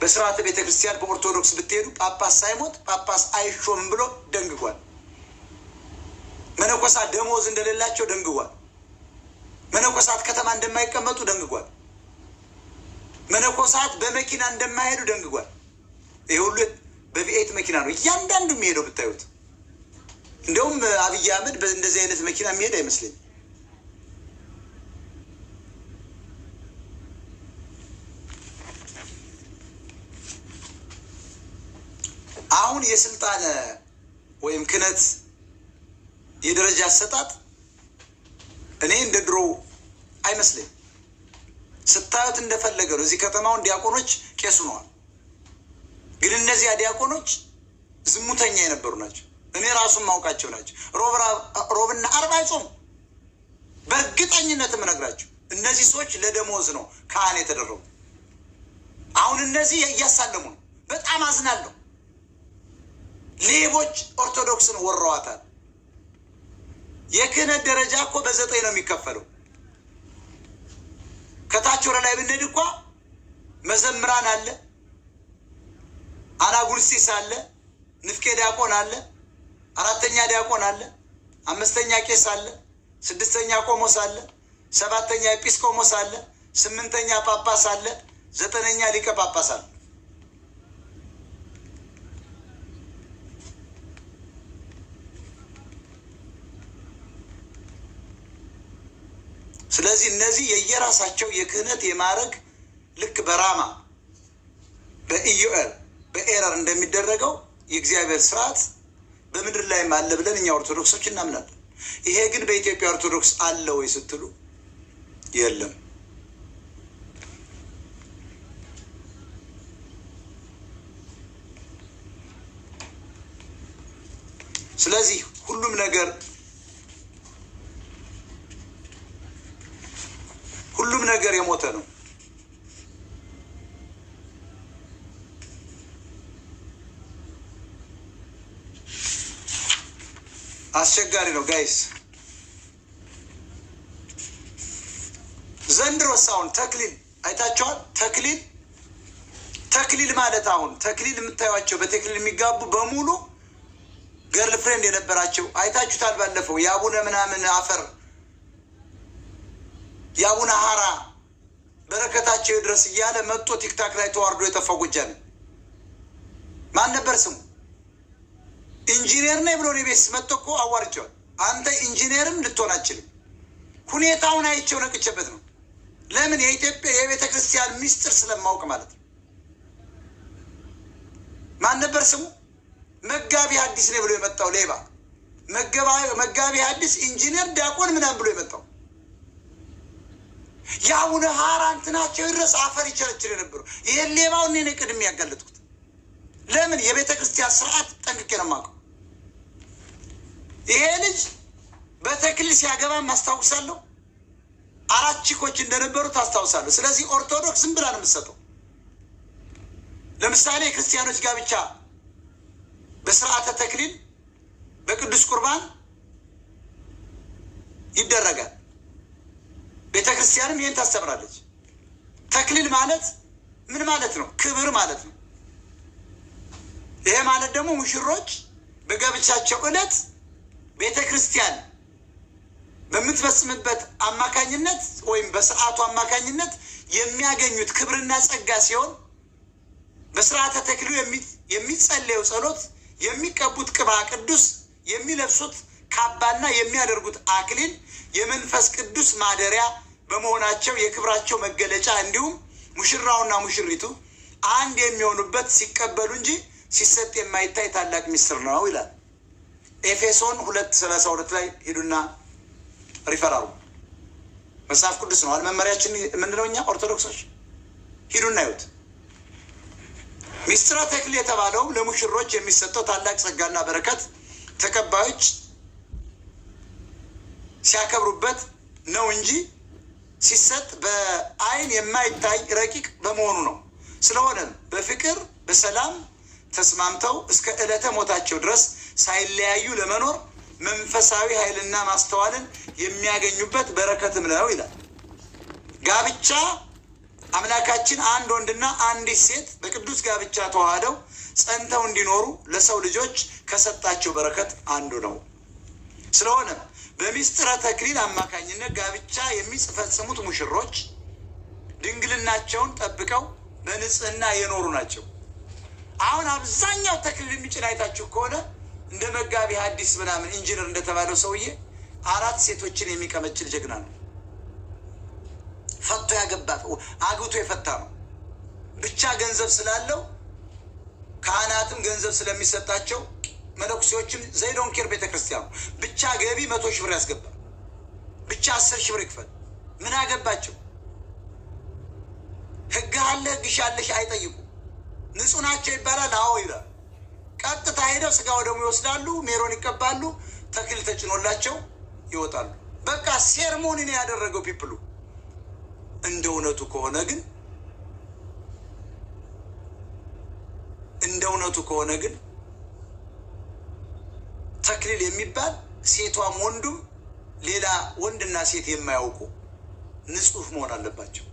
በስርዓተ ቤተ ክርስቲያን በኦርቶዶክስ ብትሄዱ ጳጳስ ሳይሞት ጳጳስ አይሾም ብሎ ደንግጓል። መነኮሳት ደሞዝ እንደሌላቸው ደንግጓል። መነኮሳት ከተማ እንደማይቀመጡ ደንግጓል። መነኮሳት በመኪና እንደማይሄዱ ደንግጓል። ይህ ሁሉ በቪኤት መኪና ነው እያንዳንዱ የሚሄደው ብታዩት። እንደውም አብይ አህመድ እንደዚህ አይነት መኪና የሚሄድ አይመስለኝም። አሁን የስልጣን ወይም ክህነት የደረጃ አሰጣጥ እኔ እንደ ድሮ አይመስለኝም። ስታዩት እንደፈለገ ነው። እዚህ ከተማውን ዲያቆኖች ቄሱ ነዋል። ግን እነዚያ ዲያቆኖች ዝሙተኛ የነበሩ ናቸው። እኔ ራሱን ማውቃቸው ናቸው። ሮብና አርብ አይጾም። በእርግጠኝነት የምነግራቸው እነዚህ ሰዎች ለደሞዝ ነው ካህን የተደረጉ። አሁን እነዚህ እያሳለሙ ነው። በጣም አዝናለሁ። ሌቦች ኦርቶዶክስን ወረዋታል። የክህነት ደረጃ እኮ በዘጠኝ ነው የሚከፈለው። ከታች ወደ ላይ ብንሄድ እንኳ መዘምራን አለ፣ አናጉንስቲስ አለ፣ ንፍቄ ዲያቆን አለ፣ አራተኛ ዲያቆን አለ፣ አምስተኛ ቄስ አለ፣ ስድስተኛ ቆሞስ አለ፣ ሰባተኛ ኤጲስቆሞስ አለ፣ ስምንተኛ ጳጳስ አለ፣ ዘጠነኛ ሊቀ ጳጳስ አለ። ስለዚህ እነዚህ የየራሳቸው የክህነት የማድረግ ልክ በራማ በኢዩኤል በኤረር እንደሚደረገው የእግዚአብሔር ስርዓት በምድር ላይም አለ ብለን እኛ ኦርቶዶክሶች እናምናለን። ይሄ ግን በኢትዮጵያ ኦርቶዶክስ አለ ወይ ስትሉ የለም። ስለዚህ ሁሉም ነገር ሁሉም ነገር የሞተ ነው። አስቸጋሪ ነው ጋይስ። ዘንድሮስ አሁን ተክሊል አይታችኋል? ተክሊል ተክሊል ማለት አሁን ተክሊል የምታዩቸው በተክሊል የሚጋቡ በሙሉ ገርል ፍሬንድ የነበራቸው አይታችሁታል። ባለፈው የአቡነ ምናምን አፈር የአቡነ ሀራ በረከታቸው ድረስ እያለ መጥቶ ቲክታክ ላይ ተዋርዶ የጠፋው ጎጃሜ ማን ነበር ስሙ? ኢንጂነር ነኝ ብሎ እኔ ቤት መጥቶ እኮ አዋርጀዋል። አንተ ኢንጂነርም ልትሆን አችልም። ሁኔታውን አይቼው ነቅቼበት ነው። ለምን? የኢትዮጵያ የቤተ ክርስቲያን ሚስጥር ስለማውቅ ማለት ነው። ማን ነበር ስሙ? መጋቢ አዲስ ነኝ ብሎ የመጣው ሌባ መጋቢ አዲስ ኢንጂነር፣ ዲያቆን ምናምን ብሎ የመጣው የአቡነ ሀራ እንትናቸው ይድረስ አፈር ይቸረችል የነበሩ ይሄን ሌባው እኔ ቅድም ያጋለጥኩት። ለምን የቤተ ክርስቲያን ስርዓት ጠንቅቄ ነው የማውቀው። ይሄ ልጅ በተክል ሲያገባም አስታውሳለሁ። አራት ቺኮች እንደነበሩት አስታውሳለሁ። ስለዚህ ኦርቶዶክስ ዝም ብላ ነው የምትሰጠው። ለምሳሌ የክርስቲያኖች ጋብቻ በስርዓተ ተክሊል በቅዱስ ቁርባን ይደረጋል። ቤተ ክርስቲያንም ይህን ታስተምራለች። ተክሊል ማለት ምን ማለት ነው? ክብር ማለት ነው። ይሄ ማለት ደግሞ ሙሽሮች በጋብቻቸው ዕለት ቤተ ክርስቲያን በምትበስምበት አማካኝነት ወይም በስርዓቱ አማካኝነት የሚያገኙት ክብርና ጸጋ ሲሆን በስርዓተ ተክሉ የሚጸለየው ጸሎት፣ የሚቀቡት ቅባ ቅዱስ፣ የሚለብሱት ካባና የሚያደርጉት አክሊል የመንፈስ ቅዱስ ማደሪያ በመሆናቸው የክብራቸው መገለጫ እንዲሁም ሙሽራውና ሙሽሪቱ አንድ የሚሆኑበት ሲቀበሉ እንጂ ሲሰጥ የማይታይ ታላቅ ሚስጥር ነው ይላል። ኤፌሶን ሁለት ሰላሳ ሁለት ላይ ሄዱና ሪፈራሩ መጽሐፍ ቅዱስ ነው አለመመሪያችን የምንለው እኛ ኦርቶዶክሶች ሂዱና ይሁት ሚስጥረ ተክል የተባለው ለሙሽሮች የሚሰጠው ታላቅ ጸጋና በረከት ተቀባዮች ሲያከብሩበት ነው እንጂ ሲሰጥ በአይን የማይታይ ረቂቅ በመሆኑ ነው። ስለሆነም በፍቅር በሰላም ተስማምተው እስከ ዕለተ ሞታቸው ድረስ ሳይለያዩ ለመኖር መንፈሳዊ ኃይልና ማስተዋልን የሚያገኙበት በረከትም ነው ይላል። ጋብቻ አምላካችን አንድ ወንድና አንዲት ሴት በቅዱስ ጋብቻ ተዋህደው ጸንተው እንዲኖሩ ለሰው ልጆች ከሰጣቸው በረከት አንዱ ነው። ስለሆነም በሚስጥረ ተክሊል አማካኝነት ጋብቻ የሚፈጽሙት ሙሽሮች ድንግልናቸውን ጠብቀው በንጽህና የኖሩ ናቸው። አሁን አብዛኛው ተክሊል የሚጭን አይታችሁ ከሆነ እንደ መጋቢ ሐዲስ ምናምን ኢንጂነር እንደተባለው ሰውዬ አራት ሴቶችን የሚቀመችል ጀግና ነው። ፈቶ ያገባ አግብቶ የፈታ ነው። ብቻ ገንዘብ ስላለው ካህናትም ገንዘብ ስለሚሰጣቸው መነኩሴዎችም ዘይዶንኬር ቤተክርስቲያኑ ብቻ ገቢ መቶ ሺህ ብር ያስገባል። ብቻ አስር ሺህ ብር ይክፈል። ምን አገባቸው? ህግ አለ ግሻለሽ አይጠይቁ አይጠይቁም። ንጹህ ናቸው ይባላል። አዎ ይላል። ቀጥታ ሄደው ስጋው ደግሞ ይወስዳሉ፣ ሜሮን ይቀባሉ፣ ተክል ተጭኖላቸው ይወጣሉ። በቃ ሴርሞኒን ያደረገው ፒፕሉ። እንደ እውነቱ ከሆነ ግን እንደ እውነቱ ከሆነ ግን ተክሊል የሚባል ሴቷም ወንዱም ሌላ ወንድና ሴት የማያውቁ ንጹህ መሆን አለባቸው።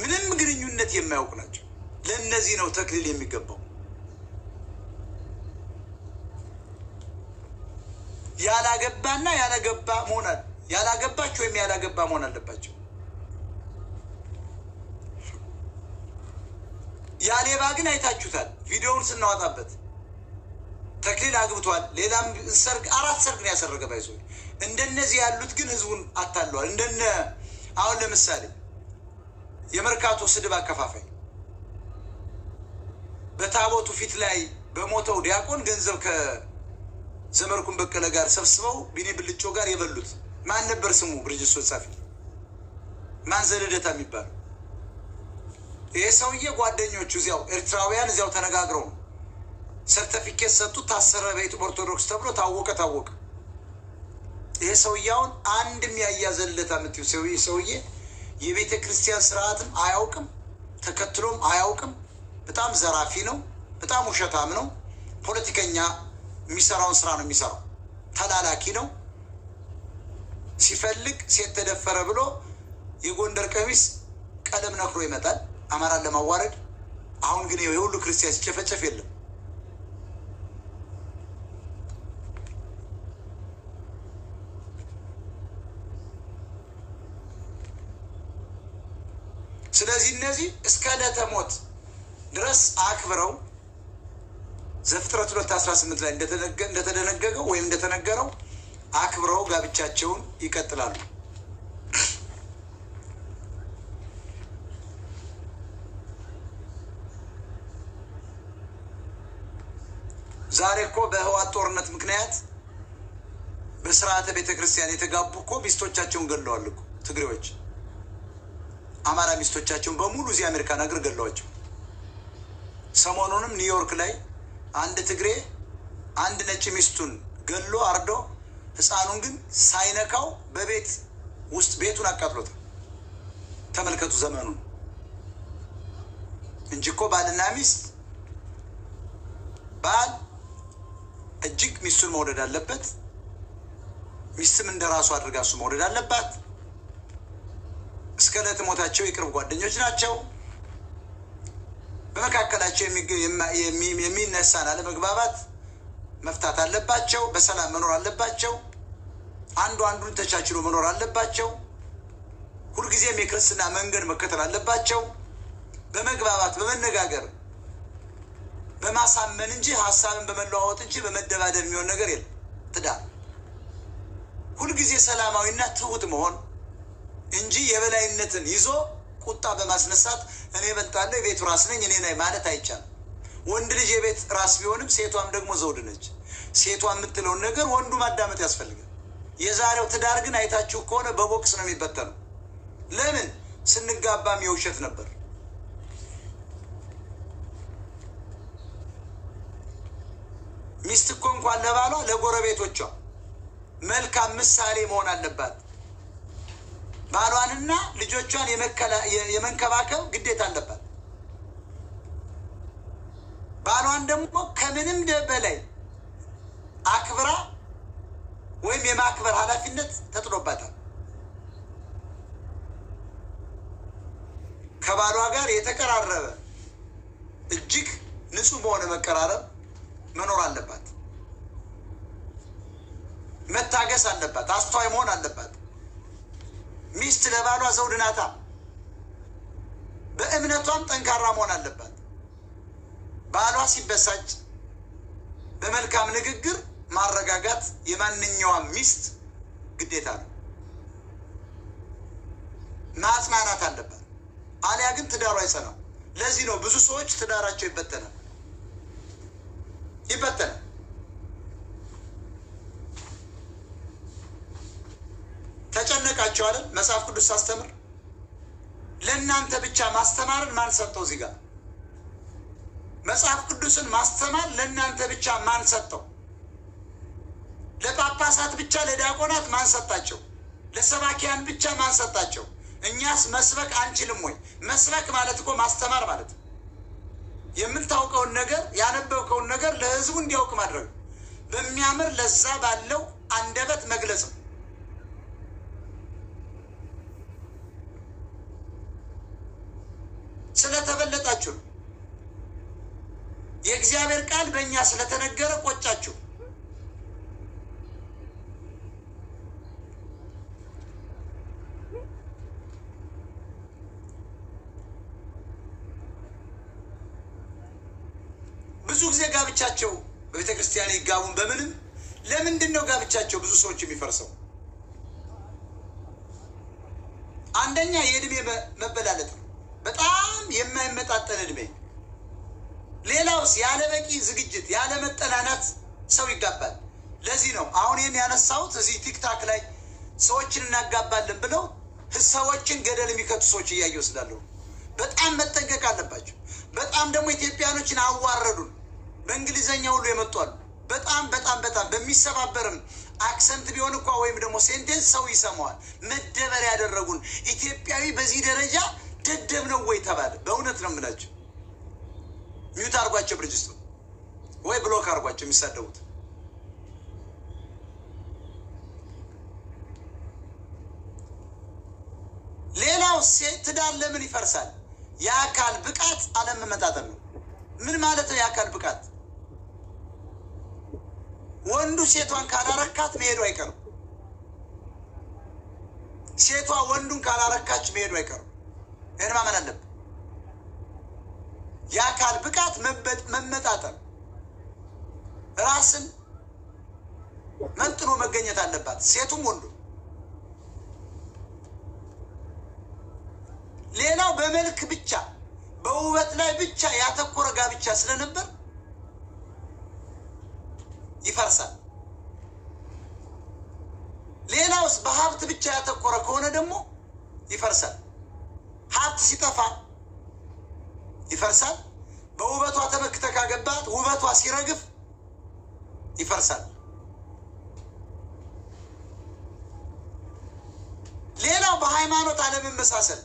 ምንም ግንኙነት የማያውቁ ናቸው። ለእነዚህ ነው ተክሊል የሚገባው። ያላገባና ያላገባ መሆናል ያላገባች ወይም ያላገባ መሆን አለባቸው። ያሌባ ግን አይታችሁታል ቪዲዮውን ስናወጣበት ተክሊል አግብቷል። ሌላም ሰርግ አራት ሰርግ ነው ያሰረገ ባይዞ። እንደነዚህ ያሉት ግን ህዝቡን አታለዋል። እንደነ አሁን ለምሳሌ የመርካቶ ስድብ አከፋፋይ በታቦቱ ፊት ላይ በሞተው ዲያቆን ገንዘብ ከዘመርኩን በቀለ ጋር ሰብስበው ቢኔ ብልጮ ጋር የበሉት ማን ነበር ስሙ? ብርጅሶ ጻፊ ማን ዘለደታ የሚባለው ይሄ ሰውዬ ጓደኞቹ እዚያው ኤርትራውያን እዚያው ተነጋግረው ነው ሰርተፊኬት ሰጡ። ታሰረ። ቤት ኦርቶዶክስ ተብሎ ታወቀ ታወቀ። ይሄ ሰውዬውን አንድም ያያዘለት የምትይው ሰውዬ የቤተ ክርስቲያን ስርዓትም አያውቅም፣ ተከትሎም አያውቅም። በጣም ዘራፊ ነው፣ በጣም ውሸታም ነው። ፖለቲከኛ የሚሰራውን ስራ ነው የሚሰራው። ተላላኪ ነው። ሲፈልግ ሴት ተደፈረ ብሎ የጎንደር ቀሚስ ቀለም ነክሮ ይመጣል አማራን ለማዋረድ። አሁን ግን የሁሉ ክርስቲያን ሲጨፈጨፍ የለም። ስለዚህ እነዚህ እስከ ዕለተ ሞት ድረስ አክብረው ዘፍጥረት ሁለት አስራ ስምንት ላይ እንደተደነገገው ወይም እንደተነገረው አክብረው ጋብቻቸውን ይቀጥላሉ። ዛሬ እኮ በህዋት ጦርነት ምክንያት በስርዓተ ቤተ ክርስቲያን የተጋቡ እኮ ሚስቶቻቸውን ገለዋል እኮ ትግሬዎች። አማራ ሚስቶቻቸውን በሙሉ እዚህ አሜሪካን ሀገር ገለዋቸው። ሰሞኑንም ኒውዮርክ ላይ አንድ ትግሬ አንድ ነጭ ሚስቱን ገሎ አርዶ ህፃኑን ግን ሳይነካው በቤት ውስጥ ቤቱን አቃጥሎታል። ተመልከቱ ዘመኑን እንጂ እኮ ባልና ሚስት ባል እጅግ ሚስቱን መውደድ አለበት። ሚስትም እንደ ራሱ አድርጋ እሱ መውደድ አለባት። እስከ ዕለት ሞታቸው የቅርብ ጓደኞች ናቸው። በመካከላቸው የሚነሳን አለመግባባት መፍታት አለባቸው። በሰላም መኖር አለባቸው። አንዱ አንዱን ተቻችሎ መኖር አለባቸው። ሁልጊዜም የክርስትና መንገድ መከተል አለባቸው። በመግባባት በመነጋገር በማሳመን እንጂ ሀሳብን በመለዋወጥ እንጂ በመደባደብ የሚሆን ነገር የለም። ትዳር ሁልጊዜ ሰላማዊና ትሁት መሆን እንጂ የበላይነትን ይዞ ቁጣ በማስነሳት እኔ በልጣለሁ፣ የቤቱ ራስ ነኝ፣ እኔ ላይ ማለት አይቻልም። ወንድ ልጅ የቤት ራስ ቢሆንም ሴቷም ደግሞ ዘውድ ነች። ሴቷ የምትለውን ነገር ወንዱ ማዳመጥ ያስፈልጋል። የዛሬው ትዳር ግን አይታችሁ ከሆነ በቦክስ ነው የሚበተነው። ለምን ስንጋባም የውሸት ነበር። ሚስት እኮ እንኳን ለባሏ ለጎረቤቶቿ መልካም ምሳሌ መሆን አለባት። ባሏንና ልጆቿን የመንከባከብ ግዴታ አለባት። ባሏን ደግሞ ከምንም በላይ አክብራ ወይም የማክበር ኃላፊነት ተጥሎባታል። ከባሏ ጋር የተቀራረበ እጅግ ንጹህ በሆነ መቀራረብ መኖር አለባት። መታገስ አለባት። አስተዋይ መሆን አለባት። ሚስት ለባሏ ዘውድ ናታ። በእምነቷም ጠንካራ መሆን አለባት። ባሏ ሲበሳጭ በመልካም ንግግር ማረጋጋት የማንኛውም ሚስት ግዴታ ነው። ማጽናናት አለባት፣ አሊያ ግን ትዳሯ አይጸናም። ለዚህ ነው ብዙ ሰዎች ትዳራቸው ይበተናል ይበተናል። አልሰማቸው አይደል? መጽሐፍ ቅዱስ ሳስተምር ለእናንተ ብቻ ማስተማርን ማን ሰጠው? እዚህ ጋር መጽሐፍ ቅዱስን ማስተማር ለእናንተ ብቻ ማን ሰጠው? ለጳጳሳት ብቻ ለዲያቆናት ማን ሰጣቸው? ለሰባኪያን ብቻ ማን ሰጣቸው? እኛስ መስበክ አንችልም ወይ? መስበክ ማለት እኮ ማስተማር ማለት ነው። የምታውቀውን ነገር ያነበብከውን ነገር ለህዝቡ እንዲያውቅ ማድረግ፣ በሚያምር ለዛ ባለው አንደበት መግለጽ ነው። የእግዚአብሔር ቃል በእኛ ስለተነገረ ቆጫችሁ። ብዙ ጊዜ ጋብቻቸው በቤተ ክርስቲያን ይጋቡን በምንም ለምንድን ነው ጋብቻቸው ብዙ ሰዎች የሚፈርሰው? አንደኛ ያለ መጠናናት ሰው ይጋባል። ለዚህ ነው አሁን ይህን ያነሳሁት። እዚህ ቲክታክ ላይ ሰዎችን እናጋባለን ብለው ሰዎችን ገደል የሚከቱ ሰዎች እያየሁ ስላለሁ በጣም መጠንቀቅ አለባቸው። በጣም ደግሞ ኢትዮጵያኖችን አዋረዱን። በእንግሊዘኛ ሁሉ የመጧሉ። በጣም በጣም በጣም በሚሰባበርም አክሰንት ቢሆን እኳ ወይም ደግሞ ሴንቴንስ ሰው ይሰማዋል። መደበር ያደረጉን ኢትዮጵያዊ በዚህ ደረጃ ደደብ ነው ወይ ተባለ። በእውነት ነው የምላቸው። ሚዩት አድርጓቸው ብርጅስቶ ወይ ብሎክ አድርጓቸው የሚሳደቡት ሌላው ትዳር ለምን ይፈርሳል? የአካል ብቃት አለመመጣጠን ነው። ምን ማለት ነው? የአካል ብቃት ወንዱ ሴቷን ካላረካት መሄዱ አይቀርም። ሴቷ ወንዱን ካላረካች መሄዱ አይቀርም። ይህን ማመን አለብን። የአካል ብቃት መመጣጠን ራስን መንጥኖ መገኘት አለባት ሴቱም ወንዱ። ሌላው በመልክ ብቻ በውበት ላይ ብቻ ያተኮረ ጋብቻ ስለነበር ይፈርሳል። ሌላውስ በሀብት ብቻ ያተኮረ ከሆነ ደግሞ ይፈርሳል። ሀብት ሲጠፋ ይፈርሳል። በውበቷ ተመክተ ካገባት ውበቷ ሲረግፍ ይፈርሳል። ሌላው በሃይማኖት አለመመሳሰል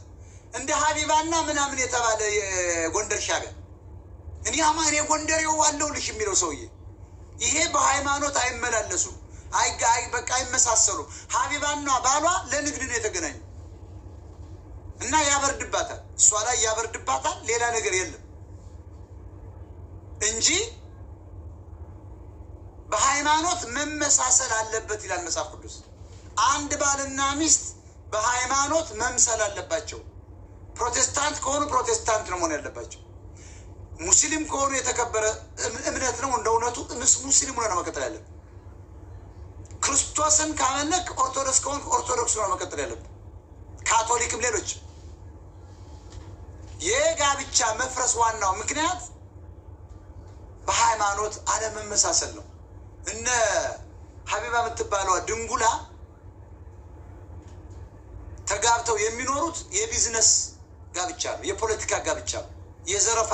እንደ ሀቢባና ምናምን የተባለ የጎንደር ሻገር እኔ አማን የጎንደሬው አለሁልሽ የሚለው ሰውዬ ይሄ በሃይማኖት አይመላለሱም። አይ በቃ አይመሳሰሉም። ሀቢባና ባሏ ለንግድ ነው የተገናኙ እና ያበርድባታል፣ እሷ ላይ ያበርድባታል። ሌላ ነገር የለም እንጂ በሃይማኖት መመሳሰል አለበት ይላል መጽሐፍ ቅዱስ። አንድ ባልና ሚስት በሃይማኖት መምሰል አለባቸው። ፕሮቴስታንት ከሆኑ ፕሮቴስታንት ነው መሆን ያለባቸው። ሙስሊም ከሆኑ የተከበረ እምነት ነው እንደ እውነቱ ሙስሊም ሆነ ነው መቀጠል ያለብ። ክርስቶስን ካመለክ ኦርቶዶክስ ከሆን ኦርቶዶክስ ሆነ መቀጠል ያለብ። ካቶሊክም ሌሎች የጋብቻ መፍረስ ዋናው ምክንያት በሃይማኖት አለመመሳሰል ነው። እነ ሀቢባ የምትባለዋ ድንጉላ ተጋብተው የሚኖሩት የቢዝነስ ጋብቻ ነው፣ የፖለቲካ ጋብቻ ነው፣ የዘረፋ